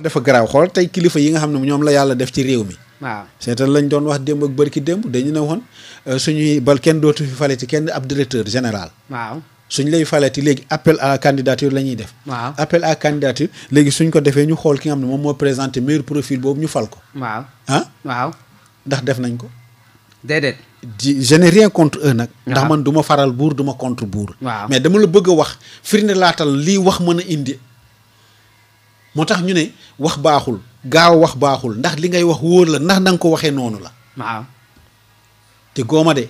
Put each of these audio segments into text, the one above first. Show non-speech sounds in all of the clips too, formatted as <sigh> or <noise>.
dafa garaaw xool tey kilifa yi nga xam ne ñoom la yàlla def ci réew mi. waaw seetal lañ doon wax démb ak bërki démb dañu ne woon euh, suñuy bal kenn dootu fi faleti kenn ab directeur général. suñ lay faleti léegi appel à candidature la ñuy def. waaw appel à candidature léegi suñ ko defee ñu xool ki nga xam ne moom moo présenté meilleur profil boobu ñu fal ko. waaw ah. waaw ndax def nañ ko. déedéet. di je n'ai rien contre eux nag. ndax man du ma faral buur du ma contre buur. waaw mais dama la bëgg a wax firnde laatal lii moo tax ñu ne wax baaxul gaaw wax baaxul ndax li ngay wax wóor la ndax na nga ko waxee noonu la. waaw. te góoma de.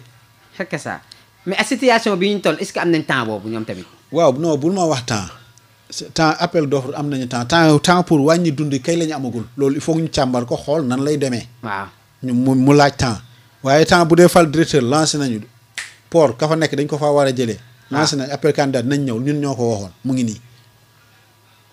fekk saa mais ak bi ñu toll est am nañ temps boobu ñoom tamit. waaw non bul ma wax temps. temps appel d'offre am nañu temps temps temps pour wàññi dund kay la ñu il faut ñu càmbar ko xool nan lay demee. waaw ñu mu mu laaj temps. waaye temps bu dee fal directeur lancé nañu port ka fa nekk dañ ko fa war a jëlee. Ah. lancé nañ appel candidat nañ ñëw ñun ñoo ko waxoon mu ngi nii.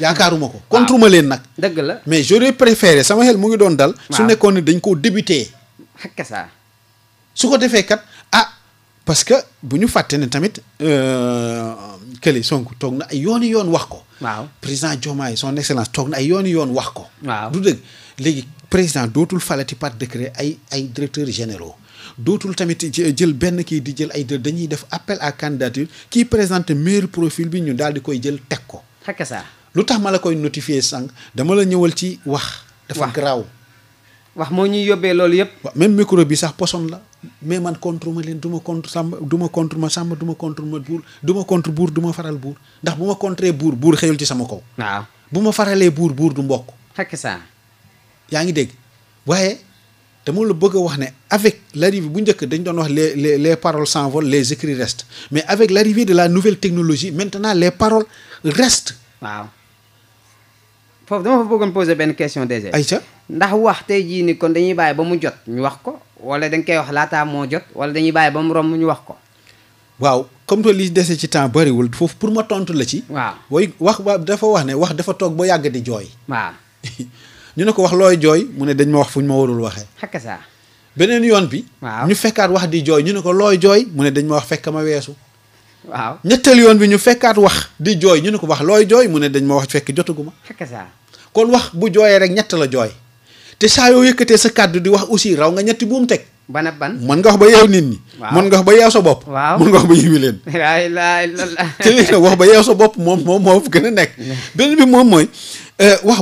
yaakaaruma ko contre ah. ma leen nag dëgg la mais j'aurais préféré sama xel mu ngi doon dal su nekkoon ne dañ koo débuté hakka saa su ko defee kat ah parce que bu ñu fàtte ne tamit euh, kële Sonko toog na ay yooni yoon wax ko waaw président Diomaye son excellence toog na ay yooni yoon wax ko waaw du dëgg léegi président dootul falati par décret ay ay directeurs généraux dootul tamit jël benn kii di jël ay dañuy def appel à candidature kii présente meilleur profil bi ñu daal di koy jël teg ko hakka saa lu tax notifier sang dama la ci wax. dafa wax ñuy même micro bi sax la mais man contre ma leen duma contre sam duma contre ma contre ma contre faral ndax ci sama kaw. du mbokk. bëgg wax avec l'arrivée bu dañ doon les les les paroles les écrits restent mais avec l'arrivée de la nouvelle technologie maintenant les paroles restent. foofu dama fa bëggoon poser benn question déjà. Aïcha ndax wax tey jii ni kon dañuy bàyyi ba mu jot ñu wax ko wala dañ koy wax laataa moo jot wala dañuy bàyyi ba mu romb ñu wax ko. waaw comme que li dese ci temps bariwul foofu pour ma tontu la ci. waaw way wax ba dafa wax ne wax dafa toog ba yàgg di jooy. waaw. <laughs> ñu ne ko wax looy jooy mu ne dañ ma wax fu ñu ma warul waxee. xakka saa beneen yoon bi. waaw ñu fekkaat wax di jooy ñu ne ko looy jooy mu ne dañ ma wax fekk ma weesu. ñettal yoon bi ñu fekkaat wax di jooy ñu ne ko wax looy jooy mu ne dañ ma wax fekk jotaguma fekk kon wax bu jooyee rek ñett la jooy te saa yoo yëkkatee sa kàddu di wax aussi raw nga ñetti buum teg ban ban mën nga wax ba yeew nit ñi mën nga wax ba yeew sa bopp waaw mën nga wax ba yiwi leen laa <laughs> ilaaha illallaah te li wax ba sa bopp moom moom moo gën a nekk <laughs> benn bi moom mooy eh, wax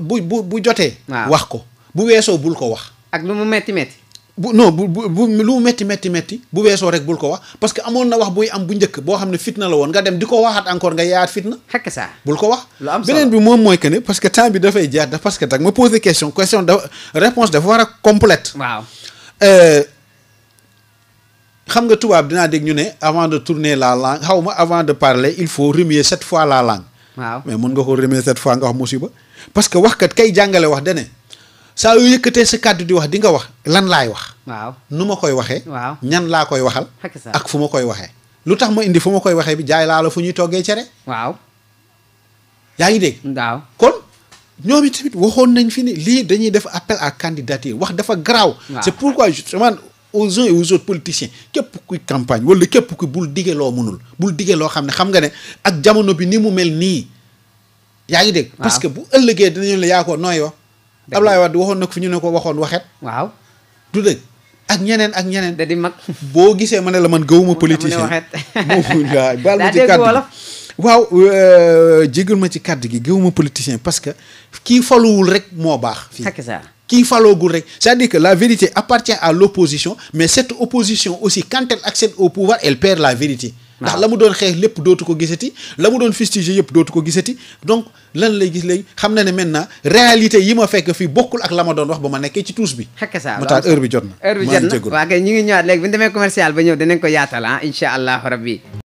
bu bu bu jotee wax ko bu weesoo bul ko wax ak lu mu metti metti bu non bu bu lu metti metti metti bu wesso rek bul ko wax parce que amon na wax buy am bu njëkk bo xamne fitna la won nga dem diko waxat encore nga yaayaat fitna. fekk saa bul ko wax. benen bi mom moy que ne parce que temps bi dafay jaar da parce que dag me poser question question da réponse dafa complète. waaw. Euh, xam nga tuba dina deg ñu ne avant de tourner la langue xawma avant de parler il faut remuer cette fois la langue. waaw mais mën nga ko remuer cette fois nga wax musiba. parce que kat kay jangale wax dene saa yu yëkkatee sa kàddu di wax di nga wax lan laay wax. waaw nu ma koy waxee. waaw ñan laa koy waxal. ak fu ma koy waxee. lu tax ma indi fu ma koy waxee bi jaay laa la fu ñuy toggee cere. waaw. yaa ngi dégg. waaw kon ñoom tamit waxoon nañ fi ni lii dañuy def appel à candidature wax dafa garaaw. c'est pourquoi je demande aux uns et aux autres képp kuy campagne wala képp ku bul dige loo mënul bul digee loo xam ne xam nga ne ak jamono bi ni mu mel nii. yaa ngi dégg. parce que bu ëllëgee dinañu la yaa ko nooyoo. Ablaye Wade waxon na ko ñu ne ko waxon waxet waaw du deug ak ñeneen ak ñeneen da di mag bo gisee mané la man gëwuma politicien mo waaw <laughs> <laughs> baal ma ci kàddu waaw euh, jégal ma ci kàddu gi gëwuma politicien parce que ki followul rek mo bax fi kii faloogul rek c'est-à-dire que la vérité appartient à l'opposition mais cette opposition aussi quand elle accède au pouvoir elle perd la vérité ndax la mu doon xeex lépp dootu ko gisati la mu doon fustige yëpp dootu ko gisati donc lan lay gis léegi xam na ne maintenant réalité yi ma fekk fii bokkul ak la ma doon wax ba ma nekkee ci tuus bi xekk saa mu taal heure bi jot na heure jot na waaw kay ñu ngi ñëwaat léegi bu ñu demee commercial ba ñëw dinañ ko yaatal ah incha allahu rabbi